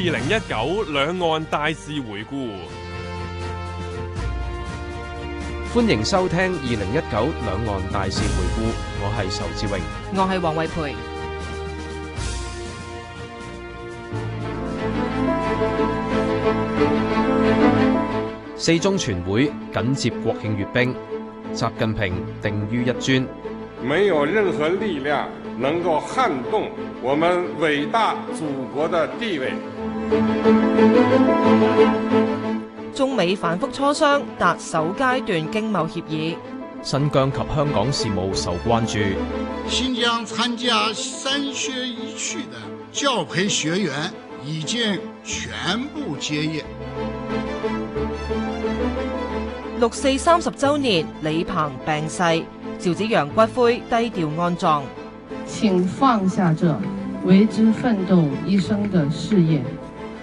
二零一九兩岸大事回顧，歡迎收聽二零一九兩岸大事回顧。我係仇志榮，我係王慧蓓。四中全會緊接國慶閱兵，習近平定於一尊。沒有任何力量能夠撼動我們偉大祖國的地位。中美反覆磋商達首階段經貿協議，新疆及香港事務受關注。新疆參加三學一去的教培學員已經全部結業。六四三十周年，李鵬病逝，趙紫陽骨灰低調安葬。請放下這為之奮鬥一生的事業。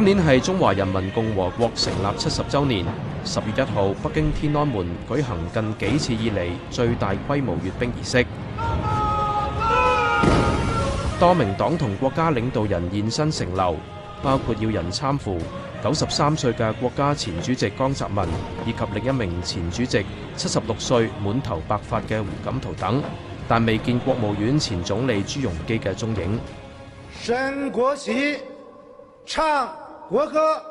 今年係中華人民共和國成立七十周年，十月一號，北京天安門舉行近幾次以嚟，最大規模閱兵儀式，拉拉多名黨同國家領導人現身城樓，包括要人攙扶九十三歲嘅國家前主席江澤民以及另一名前主席七十六歲滿頭白髮嘅胡錦濤等，但未見國務院前總理朱鎔基嘅蹤影。升國旗，唱。國歌，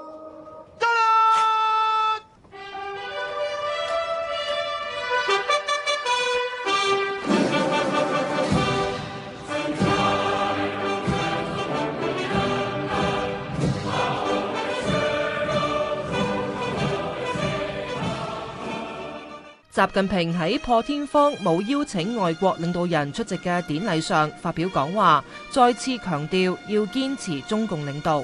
習近平喺破天荒冇邀請外國領導人出席嘅典禮上發表講話，再次強調要堅持中共領導。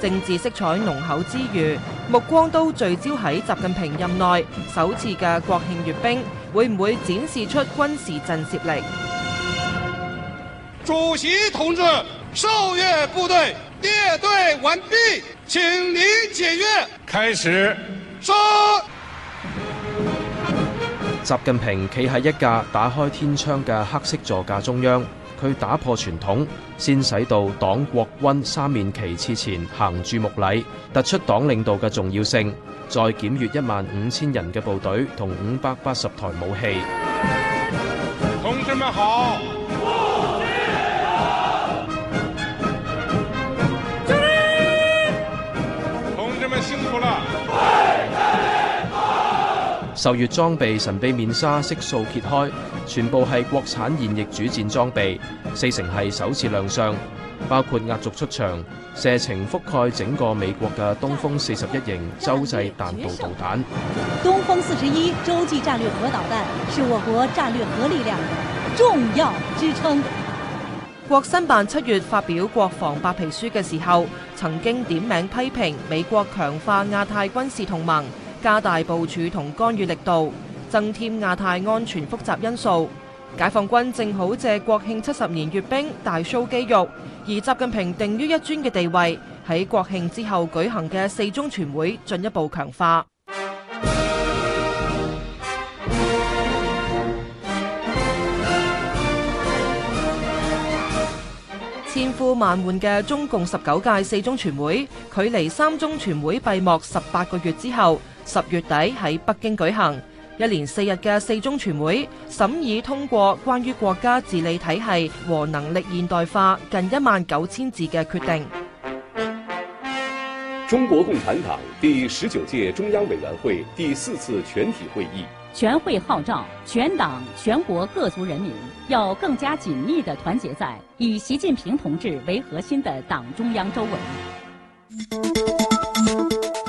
政治色彩濃厚之餘，目光都聚焦喺習近平任內首次嘅國慶閱兵，會唔會展示出軍事震懾力？主席同志，受閱部隊列隊完畢，請您檢閱，開始。說。習近平企喺一架打開天窗嘅黑色座駕中央。佢打破傳統，先使到黨國軍三面旗幟前行注目禮，突出黨領導嘅重要性，再檢閱一萬五千人嘅部隊同五百八十台武器。同志們好。受閱裝備神秘面紗，悉數揭開，全部係國產現役主戰裝備，四成係首次亮相，包括壓軸出場、射程覆蓋整個美國嘅東風四十一型洲際彈道導彈。東風四十一洲際戰略核導彈是我國戰略核力量的重要支撐。國新辦七月發表國防白皮書嘅時候，曾經點名批評美國強化亞太軍事同盟。加大部署同干預力度，增添亞太安全複雜因素。解放軍正好借國慶七十年閱兵大騷肌肉，而習近平定於一尊嘅地位喺國慶之後舉行嘅四中全會進一步強化。千呼萬喚嘅中共十九屆四中全會，距離三中全會閉幕十八個月之後。十月底喺北京舉行，一連四日嘅四中全會，審議通過關於國家治理體系和能力現代化近一萬九千字嘅決定。中國共產黨第十九屆中央委員會第四次全體會議。全會號召全黨，全黨全國各族人民要更加緊密地團結在以習近平同志為核心的黨中央周圍。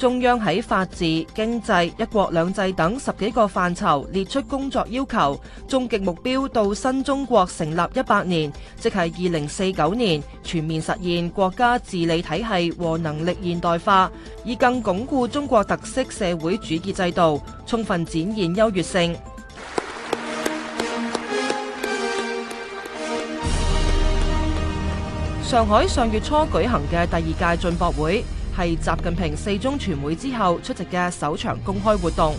中央喺法治、經濟、一國兩制等十幾個範疇列出工作要求，終極目標到新中國成立一百年，即係二零四九年，全面實現國家治理體系和能力現代化，以更鞏固中國特色社會主義制度，充分展現優越性。上海上月初舉行嘅第二屆進博會，係習近平四中全會之後出席嘅首場公開活動，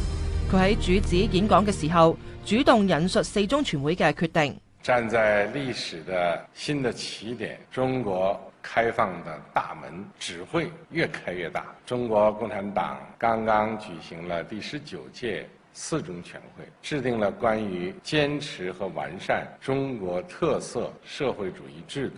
佢喺主旨演講嘅時候主動引述四中全會嘅決定。站在歷史的新的起點，中國開放的大門只會越開越大。中國共產黨剛剛舉行了第十九屆四中全會，制定了關於堅持和完善中國特色社會主義制度。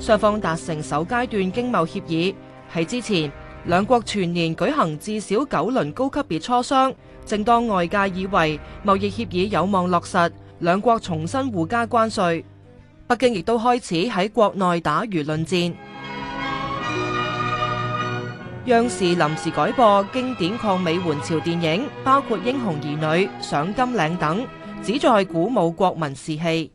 雙方達成首階段經貿協議，喺之前兩國全年舉行至少九輪高級別磋商。正當外界以為貿易協議有望落實，兩國重新互加關稅，北京亦都開始喺國內打輿論戰。央視臨時改播經典抗美援朝電影，包括《英雄兒女》《上甘嶺》等，旨在鼓舞國民士氣。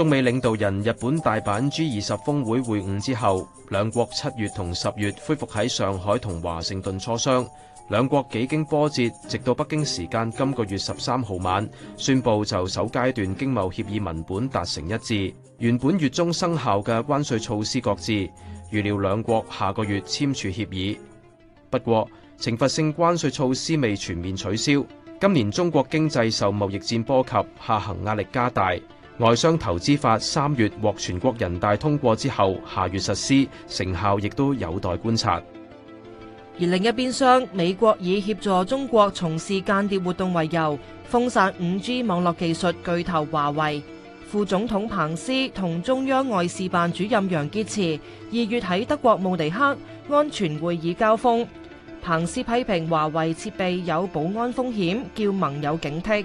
中美領導人日本大阪 G 二十峰會會晤之後，兩國七月同十月恢復喺上海同華盛頓磋商。兩國幾經波折，直到北京時間今個月十三號晚，宣布就首階段經貿協議文本達成一致。原本月中生效嘅關稅措施擱置，預料兩國下個月簽署協議。不過懲罰性關稅措施未全面取消。今年中國經濟受貿易戰波及，下行壓力加大。外商投資法三月獲全國人大通過之後，下月實施，成效亦都有待觀察。而另一邊廂，美國以協助中國從事間諜活動為由，封殺五 G 網絡技術巨頭華為。副總統彭斯同中央外事辦主任楊潔篪二月喺德國慕尼黑安全會議交鋒，彭斯批評華為設備有保安風險，叫盟友警惕。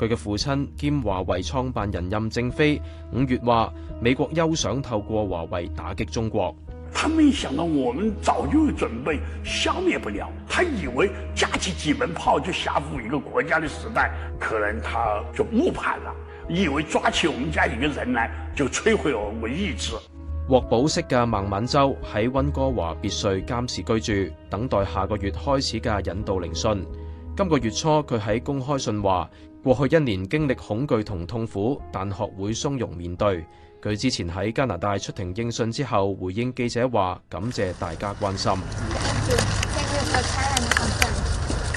佢嘅父親兼華為創辦人任正非五月話：美國休想透過華為打擊中國。他沒想到我們早就準備，消滅不了。他以為架起幾門炮就嚇唬一個國家嘅時代，可能他就誤判了，以為抓起我們家一個人嚟就摧毀我們意志。獲保釋嘅孟晚舟喺溫哥華別墅監視居住，等待下個月開始嘅引渡聆訊。今個月初，佢喺公開信話。過去一年經歷恐懼同痛苦，但學會從容面對。佢之前喺加拿大出庭應訊之後，回應記者話：感謝大家關心。謝謝，謝謝你，加拿大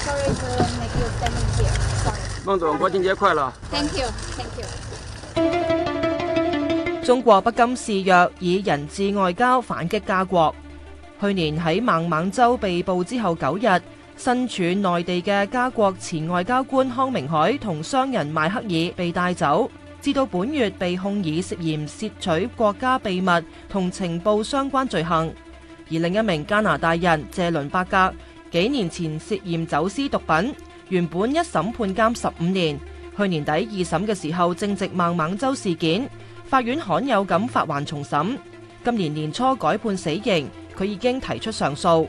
總統。sorry for making you so tired。孟總，國慶節快樂！Thank you，thank you。中國不甘示弱，以人質外交反擊加國。去年喺孟晚舟被捕之後九日。身處內地嘅加國前外交官康明凱同商人邁克爾被帶走，至到本月被控以涉嫌竊取國家秘密同情報相關罪行。而另一名加拿大人謝倫伯格，幾年前涉嫌走私毒品，原本一審判監十五年，去年底二審嘅時候正值孟晚舟事件，法院罕有咁發還重審，今年年初改判死刑，佢已經提出上訴。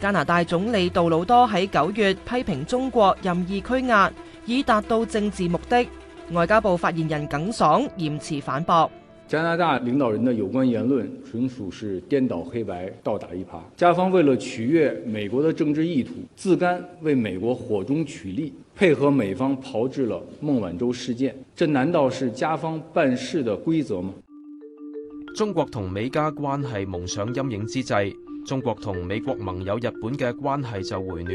加拿大總理杜魯多喺九月批評中國任意拘押，以達到政治目的，外交部發言人耿爽嚴詞反駁：加拿大領導人的有關言論純屬是顛倒黑白、倒打一耙。加方為了取悅美國的政治意圖，自甘為美國火中取栗，配合美方炮製了孟晚舟事件。這難道是加方辦事的規則嗎？中國同美加關係蒙上陰影之際。中國同美國盟友日本嘅關係就回暖。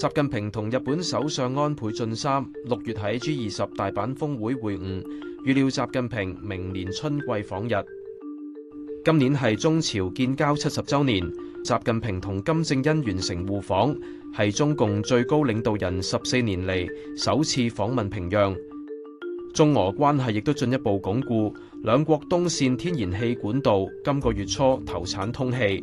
習近平同日本首相安倍晉三六月喺 G 二十大阪峰會會晤，預料習近平明年春季訪日。今年係中朝建交七十週年，習近平同金正恩完成互訪，係中共最高領導人十四年嚟首次訪問平壤。中俄關係亦都進一步鞏固。兩國東線天然氣管道今個月初投產通氣。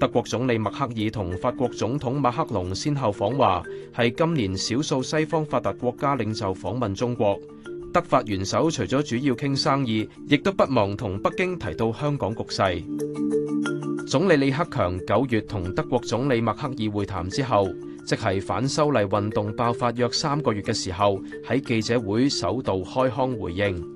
德國總理默克爾同法國總統馬克龍先後訪華，係今年少數西方發達國家領袖訪問中國。德法元首除咗主要傾生意，亦都不忘同北京提到香港局勢。總理李克強九月同德國總理默克爾會談之後，即係反修例運動爆發約三個月嘅時候，喺記者會首度開腔回應。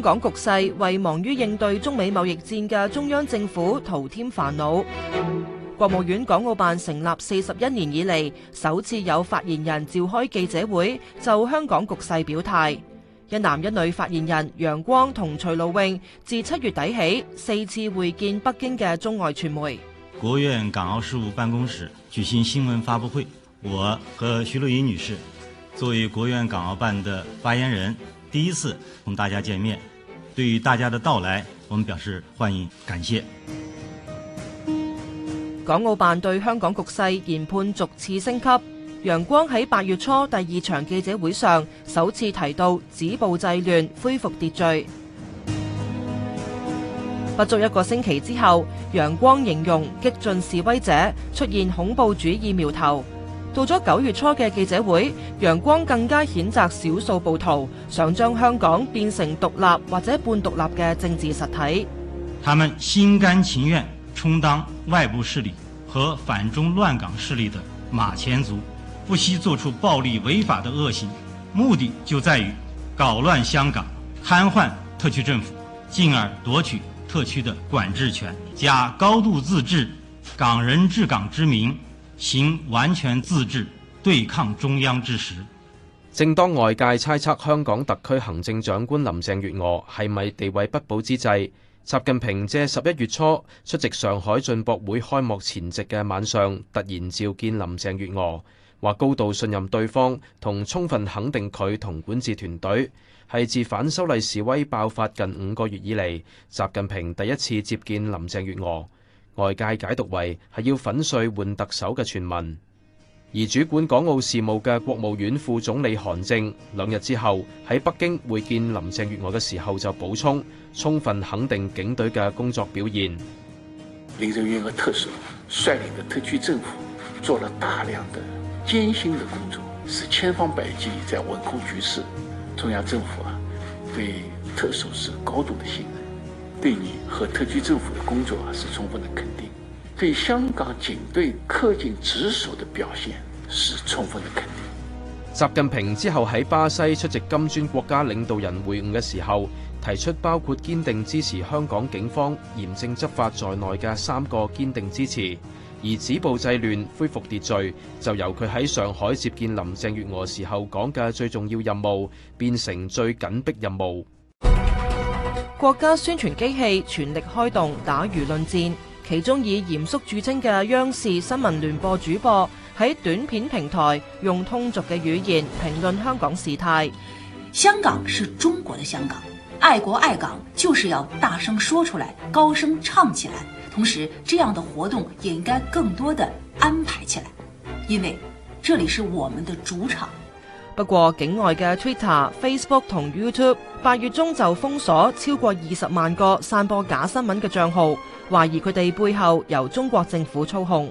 香港局勢為忙於應對中美貿易戰嘅中央政府徒添煩惱。國務院港澳辦成立四十一年以嚟，首次有發言人召開記者會，就香港局勢表態。一男一女發言人楊光同徐露穎，自七月底起四次會見北京嘅中外傳媒。國院港澳事務辦公室舉行新聞發布會，我和徐露穎女士作為國院港澳辦的發言人，第一次同大家見面。對於大家的到來，我們表示歡迎，感謝。港澳辦對香港局勢研判逐次升級，陽光喺八月初第二場記者會上首次提到止暴制亂、恢復秩序。不足一個星期之後，陽光形容激進示威者出現恐怖主義苗頭。到咗九月初嘅記者會，陽光更加譴責少數暴徒，想將香港變成獨立或者半獨立嘅政治實體。他們心甘情願充當外部勢力和反中亂港勢力的馬前卒，不惜做出暴力違法的惡行，目的就在於搞亂香港、癱瘓特區政府，進而奪取特區的管治權，假高度自治、港人治港之名，行完全自治，對抗中央之時。正當外界猜測香港特區行政長官林鄭月娥係咪地位不保之際，習近平借十一月初出席上海進博會開幕前夕嘅晚上，突然召見林鄭月娥，話高度信任對方同充分肯定佢同管治團隊，係自反修例示威爆發近五個月以嚟，習近平第一次接見林鄭月娥。外界解讀為係要粉碎換特首嘅傳聞，而主管港澳事務嘅國務院副總理韓正兩日之後喺北京會見林鄭月娥嘅時候就補充，充分肯定警隊嘅工作表現。林鄭月娥特首率領嘅特區政府做了大量的艱辛嘅工作，是千方百計在穩控局勢。中央政府啊，對特首是高度的信任。對你和特區政府的工作是充分的肯定，對香港警隊恪盡職守的表現是充分的肯定。習近平之後喺巴西出席金磚國家領導人會晤嘅時候，提出包括堅定支持香港警方嚴正執法在內嘅三個堅定支持，而止暴制亂、恢復秩序就由佢喺上海接見林鄭月娥時候講嘅最重要任務變成最緊迫任務。國家宣傳機器全力開動打輿論戰，其中以嚴肅著稱嘅央視新聞聯播主播喺短片平台用通俗嘅語言評論香港事態。香港是中國的香港，愛國愛港就是要大聲說出來，高聲唱起來。同時，這樣的活動也應該更多地安排起來，因為這裏是我們的主場。不過，境外嘅 Twitter、Facebook 同 YouTube，八月中就封鎖超過二十萬個散播假新聞嘅帳號，懷疑佢哋背後由中國政府操控。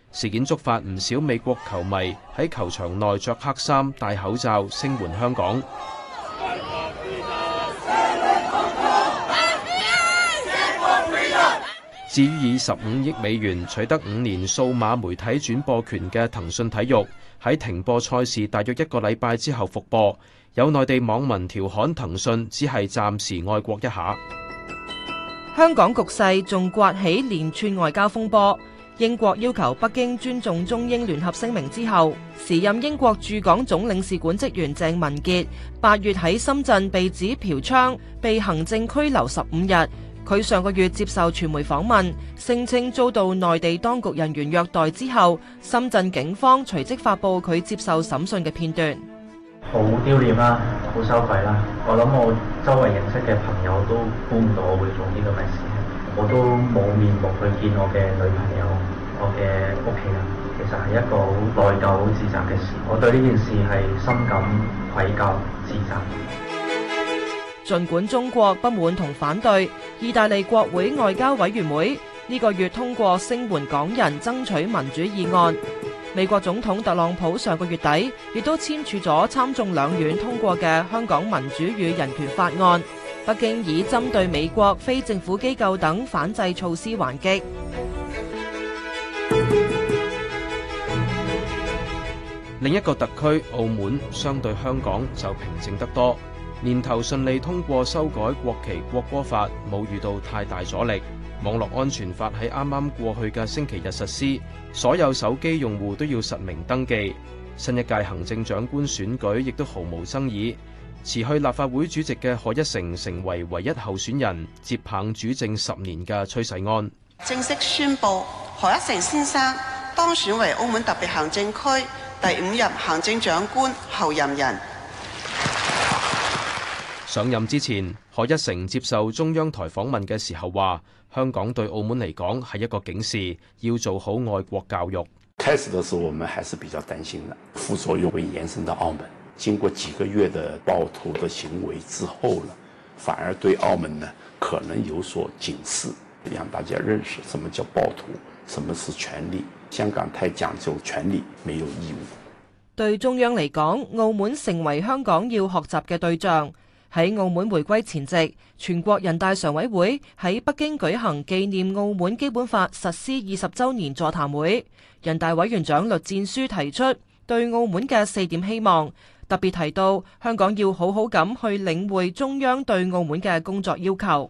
事件觸發唔少美國球迷喺球場內着黑衫、戴口罩聲援香港。至於以十五億美元取得五年數碼媒體轉播權嘅騰訊體育，喺停播賽事大約一個禮拜之後復播，有內地網民調侃騰，騰訊只係暫時愛國一下。香港局勢仲刮起連串外交風波。英國要求北京尊重中英聯合聲明之後，時任英國駐港總領事館職員鄭文傑，八月喺深圳被指嫖娼，被行政拘留十五日。佢上個月接受傳媒訪問，聲稱遭到內地當局人員虐待之後，深圳警方隨即發佈佢接受審訊嘅片段。好丟臉啦、啊，好羞愧啦。我諗我周圍認識嘅朋友都估唔到我會做呢個咩事，我都冇面目去見我嘅女朋友。我嘅屋企人其實係一個好內疚、好自責嘅事，我對呢件事係深感愧疚、自責。儘管中國不滿同反對，意大利國會外交委員會呢個月通過聲援港人爭取民主議案，美國總統特朗普上個月底亦都簽署咗參眾兩院通過嘅《香港民主與人權法案》，北京以針對美國非政府機構等反制措施還擊。另一個特區澳門相對香港就平靜得多，年頭順利通過修改國旗國歌法，冇遇到太大阻力。網絡安全法喺啱啱過去嘅星期日實施，所有手機用戶都要實名登記。新一屆行政長官選舉亦都毫無爭議，辭去立法會主席嘅賀一誠成為唯一候選人，接棒主政十年嘅崔世安正式宣布賀一誠先生當選為澳門特別行政區第五任行政長官候任人上任之前，何一成接受中央台訪問嘅時候話，香港對澳門嚟講係一個警示，要做好愛國教育。開始的時候我們還是比較擔心的，副作用會延伸到澳門。經過幾個月的暴徒嘅行為之後呢，反而對澳門呢可能有所警示，讓大家認識什麼叫暴徒，什麼是權力。香港太講究權利，沒有義務。對中央嚟講，澳門成為香港要學習嘅對象。喺澳門回歸前夕，全國人大常委會喺北京舉行紀念澳門基本法實施二十週年座談會。人大委員長栗戰書提出對澳門嘅四點希望，特別提到香港要好好咁去領會中央對澳門嘅工作要求。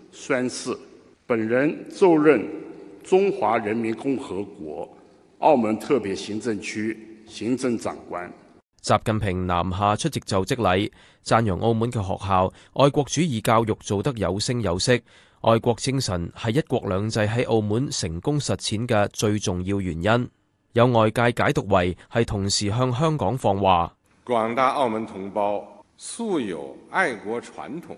宣誓，本人就任中華人民共和國澳門特別行政區行政長官。習近平南下出席就職禮，讚揚澳門嘅學校，愛國主義教育做得有聲有色，愛國精神係一國兩制喺澳門成功實踐嘅最重要原因。有外界解讀為係同時向香港放話。廣大澳門同胞素有愛國傳統。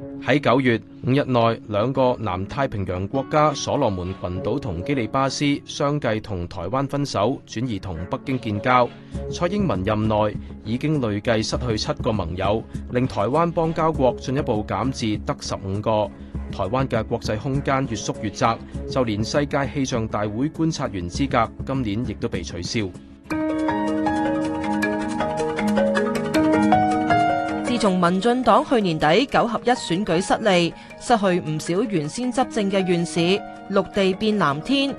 喺九月五日內兩個南太平洋國家，所羅門群島同基里巴斯相繼同台灣分手，轉移同北京建交。蔡英文任內已經累計失去七個盟友，令台灣邦交國進一步減至得十五個。台灣嘅國際空間越縮越窄，就連世界氣象大會觀察員資格今年亦都被取消。從民進黨去年底九合一選舉失利，失去唔少原先執政嘅縣市，綠地變藍天。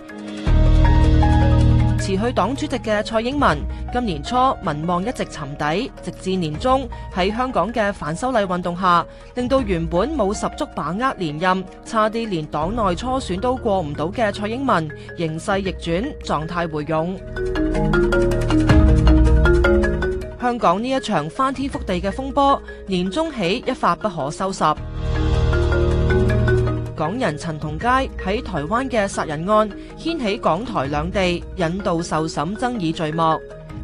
辭 去黨主席嘅蔡英文，今年初民望一直沉底，直至年終喺香港嘅反修例運動下，令到原本冇十足把握連任，差啲連黨內初選都過唔到嘅蔡英文，形勢逆轉，狀態回勇。 香港呢一場翻天覆地嘅風波，年中起一發不可收拾。港人陳同佳喺台灣嘅殺人案掀起港台兩地引渡受審爭議序幕。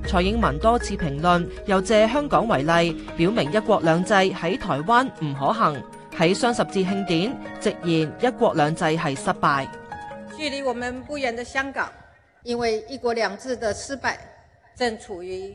蔡英文多次評論，又借香港為例，表明一國兩制喺台灣唔可行。喺雙十節慶典，直言一國兩制係失敗。距離我們不遠的香港，因為一國兩制的失敗，正處於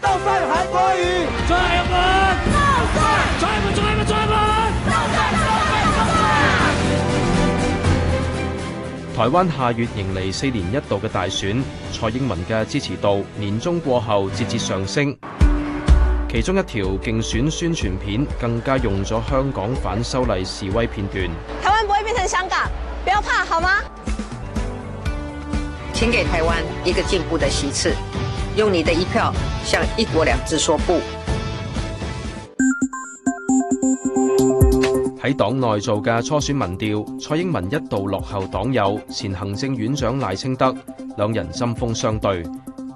倒晒還可以，轉門，倒晒追，轉門，轉門，轉門，倒晒，倒晒，倒晒。台灣下月迎嚟四年一度嘅大選，蔡英文嘅支持度年中過後節節上升。其中一條競選宣傳片更加用咗香港反修例示威片段。台灣不會變成香港，不要怕好嗎？請給台灣一個進步的席次。用你的一票向一國兩制說不。喺黨內做嘅初選民調，蔡英文一度落後黨友前行政院長賴清德，兩人針鋒相對。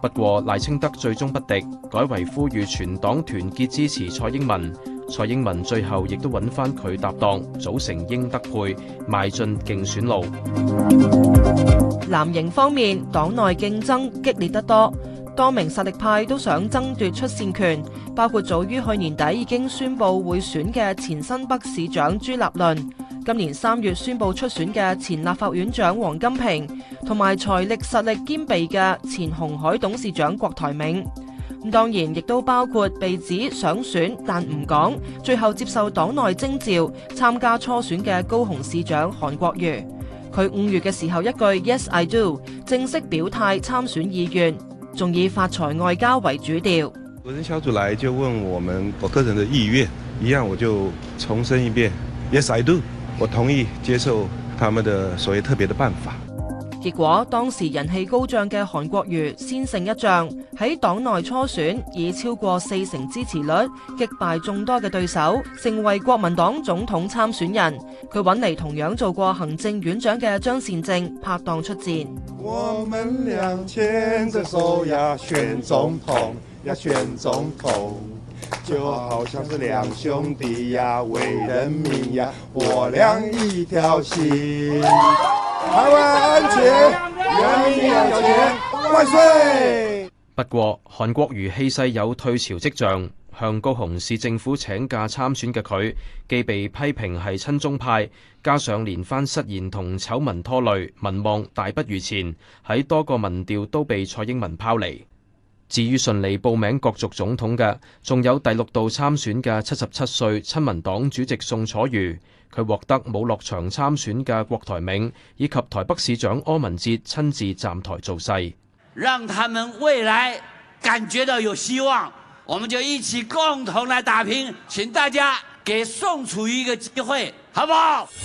不過賴清德最終不敵，改為呼籲全黨團結支持蔡英文。蔡英文最後亦都揾翻佢搭檔組成英德配，邁進競選路。藍營方面，黨內競爭激烈得多。多名實力派都想爭奪出線權，包括早於去年底已經宣佈會選嘅前新北市長朱立倫，今年三月宣佈出選嘅前立法院長王金平，同埋財力實力兼備嘅前鴻海董事長郭台銘。當然亦都包括被指想選但唔講，最後接受黨內徵召參加初選嘅高雄市長韓國瑜。佢五月嘅時候一句 “Yes, I do”，正式表態參選意願。仲以發財外交為主調，五人小組來就問我們，我個人的意願一樣，我就重申一遍：Yes I do，我同意接受他們的所謂特別的辦法。結果當時人氣高漲嘅韓國瑜先勝一仗，喺黨內初選以超過四成支持率，擊敗眾多嘅對手，成為國民黨總統參選人。佢揾嚟同樣做過行政院長嘅張善政拍檔出戰。我們倆牽著手呀，選總統呀，選總統，就好像是兩兄弟呀，為人民呀，我倆一條心。係啊！安全，有咩有嘢？威水。不過韓國瑜氣勢有退潮跡象，向高雄市政府請假參選嘅佢，既被批評係親中派，加上連番失言同醜聞拖累，民望大不如前，喺多個民調都被蔡英文拋離。至於順利報名角逐總統嘅，仲有第六度參選嘅七十七歲親民黨主席宋楚瑜。佢獲得冇落場參選嘅郭台銘，以及台北市長柯文哲親自站台造勢，讓他們未來感覺到有希望，我們就一起共同來打拼。請大家給宋楚瑜一個機會，好不好？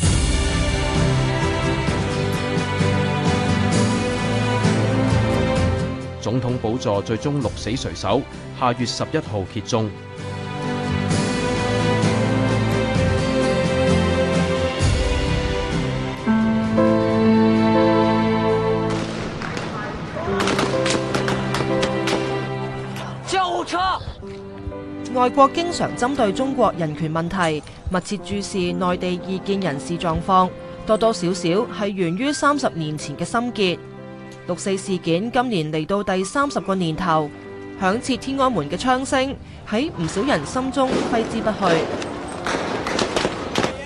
總統寶座最終鹿死誰手，下月十一號揭盅。外國經常針對中國人權問題，密切注視內地異見人士狀況，多多少少係源於三十年前嘅心結。六四事件今年嚟到第三十個年頭，響徹天安門嘅槍聲喺唔少人心中揮之不去。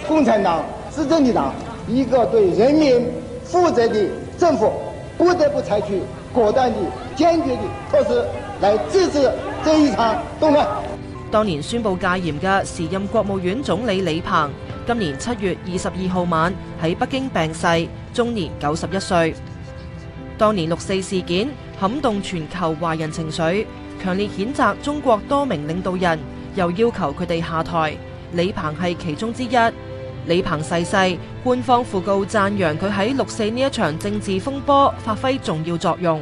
共產黨是執政的黨，一個對人民負責的政府，不得不採取果斷的、堅決的措施來制止這一場動亂。當年宣布戒嚴嘅時任國務院總理李鵬，今年七月二十二號晚喺北京病逝，終年九十一歲。當年六四事件撼動全球華人情緒，強烈譴責中國多名領導人，又要求佢哋下台。李鵬係其中之一。李鵬逝世，世，官方訃告讚揚佢喺六四呢一場政治風波發揮重要作用。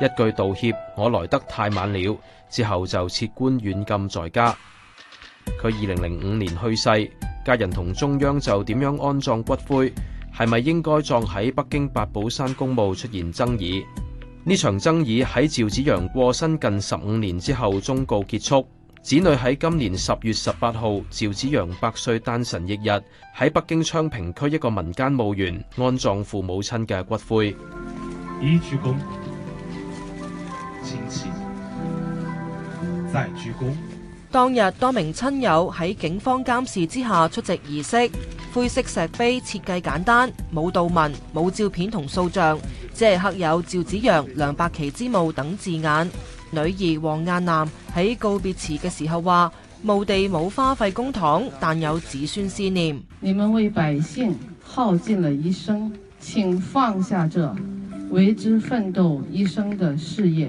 一句道歉，我來得太晚了。之後就撤官軟禁在家。佢二零零五年去世，家人同中央就點樣安葬骨灰，係咪應該葬喺北京八寶山公墓，出現爭議。呢場爭議喺趙紫陽過身近十五年之後終告結束。子女喺今年十月十八號，趙紫陽百歲誕辰翌日，喺北京昌平區一個民間墓園安葬父母親嘅骨灰。咦主持鞠躬。當日多名親友喺警方監視之下出席儀式。灰色石碑設計簡單，冇悼文、冇照片同塑像，只係刻有趙紫陽、梁伯琪之墓等字眼。女兒王雁南喺告別詞嘅時候話：墓地冇花費公帑，但有子孫思念。你們為百姓耗盡了一生，請放下這為之奮鬥一生的事業。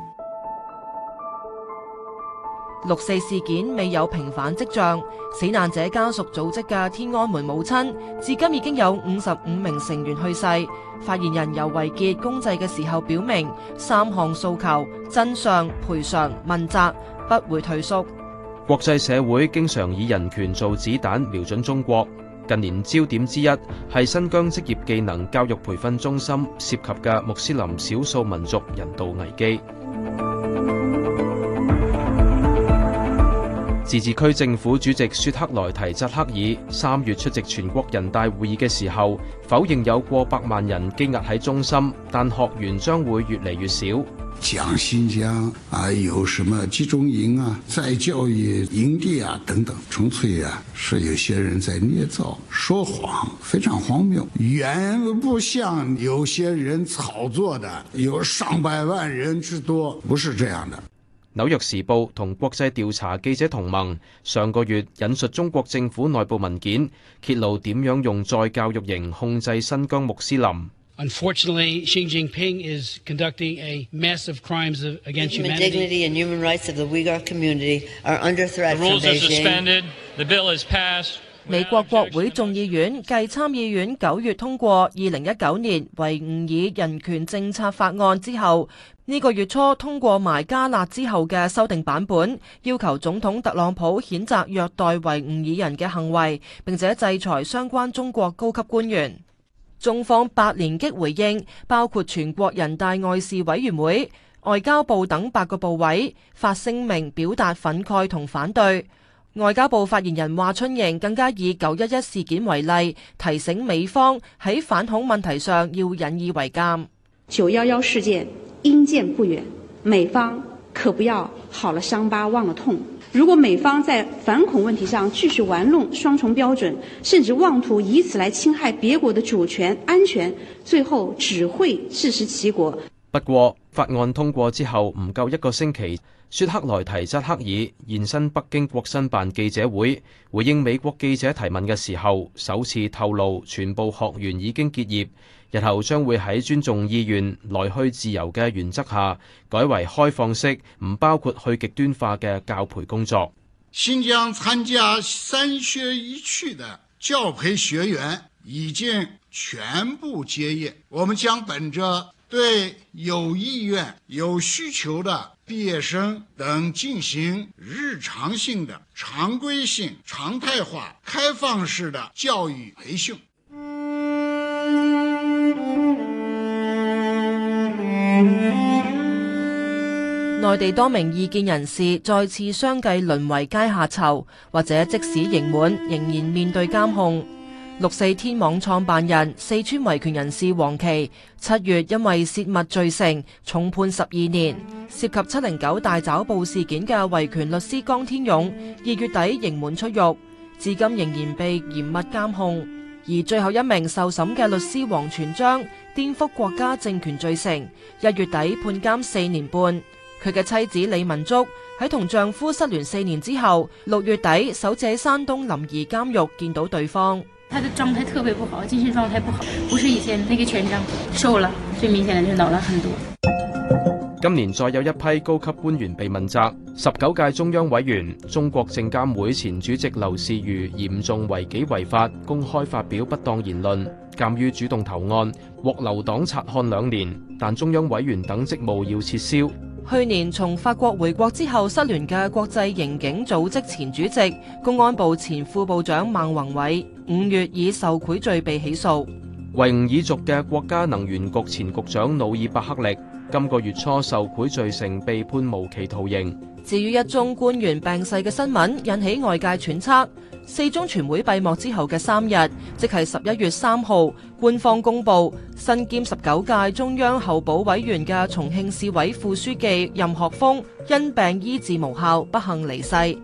六四事件未有平反跡象，死難者家屬組織嘅天安門母親，至今已經有五十五名成員去世。發言人尤維潔公祭嘅時候表明，三項訴求：真相、賠償、問責，不會退縮。國際社會經常以人權做子彈，瞄準中國。近年焦點之一係新疆職業技能教育培訓中心涉及嘅穆斯林少數民族人道危機。自治區政府主席雪克萊提扎克爾三月出席全國人大會議嘅時候，否認有過百萬人羈押喺中心，但學員將會越嚟越少。講新疆啊，有什麼集中營啊、再教育營地啊等等，純粹啊是有些人在捏造、說謊，非常荒謬，遠不像有些人炒作的有上百萬人之多，不是這樣的。紐約時報同國際調查記者同盟上個月引述中國政府內部文件，揭露點樣用再教育營控制新疆穆斯林。美國國會眾議院繼參議院九月通過二零一九年維吾爾人權政策法案之後，呢個月初通過埋加納之後嘅修訂版本，要求總統特朗普譴責虐待維吾爾人嘅行為，並且制裁相關中國高級官員。中方八連擊回應，包括全國人大外事委員會、外交部等八個部委發聲明表達憤慨同反對。外交部發言人華春瑩更加以九一一事件為例，提醒美方喺反恐問題上要引以為鑑。911事件因見不遠，美方可不要好了傷疤忘了痛。如果美方在反恐問題上繼續玩弄雙重標準，甚至妄圖以此來侵害別國的主權安全，最後只會自食其果。不過法案通過之後唔夠一個星期，雪克萊提扎克爾現身北京國新辦記者會，回應美國記者提問嘅時候，首次透露全部學員已經結業。日後將會喺尊重意願、來去自由嘅原則下，改為開放式，唔包括去極端化嘅教培工作。新疆參加三學一去的教培學員已經全部結業。我們將本着對有意願、有需求的畢業生等進行日常性的、常規性、常態化、開放式的教育培訓。內地多名異見人士再次相繼淪為階下囚，或者即使刑滿，仍然面對監控。六四天網創辦人、四川維權人士黃琦七月因為洩密罪成，重判十二年；涉及七零九大抓捕事件嘅維權律師江天勇，二月底刑滿出獄，至今仍然被嚴密監控。而最後一名受審嘅律師王全璋。顛覆國家政權罪成，一月底判監四年半。佢嘅妻子李文足喺同丈夫失聯四年之後，六月底首次喺山東臨沂監獄見到對方。他的狀態特別不好，精神狀態不好，不是以前那個全璋，瘦了，最明顯的就是老了很多。今年再有一批高級官員被問責，十九屆中央委員、中國證監會前主席劉士余嚴重違紀違法，公開發表不當言論，鑒於主動投案，獲留黨察看兩年，但中央委員等職務要撤銷。去年從法國回國之後失聯嘅國際刑警組織前主席、公安部前副部長孟宏偉，五月以受賄罪被起訴。維吾爾族嘅國家能源局前局長努爾伯克力。今個月初受賄罪成被判無期徒刑。至於一宗官員病逝嘅新聞，引起外界揣測。四中全會閉幕之後嘅三日，即係十一月三號，官方公佈新兼十九屆中央候補委員嘅重慶市委副書記任學峰因病醫治無效不幸離世。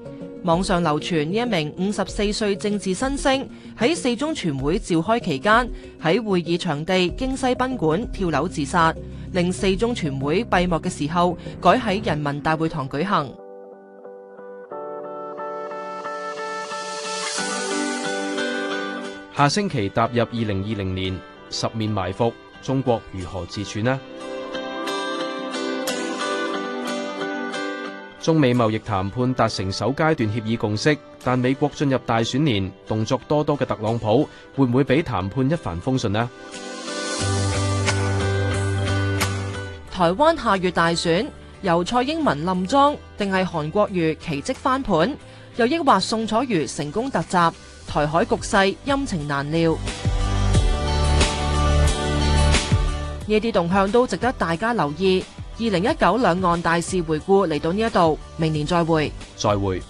網上流傳呢一名五十四歲政治新星喺四中全會召開期間喺會議場地京西賓館跳樓自殺。令四中全會閉幕嘅時候改喺人民大會堂舉行。下星期踏入二零二零年，十面埋伏，中國如何自處呢？中美貿易談判達成首階段協議共識，但美國進入大選年，動作多多嘅特朗普會唔會俾談判一帆風順呢？台灣下月大選，由蔡英文冧莊，定係韓國瑜奇蹟翻盤？又抑或宋楚瑜成功突襲？台海局勢陰晴難料，呢啲 動向都值得大家留意。二零一九兩岸大事回顧嚟到呢一度，明年再會，再會。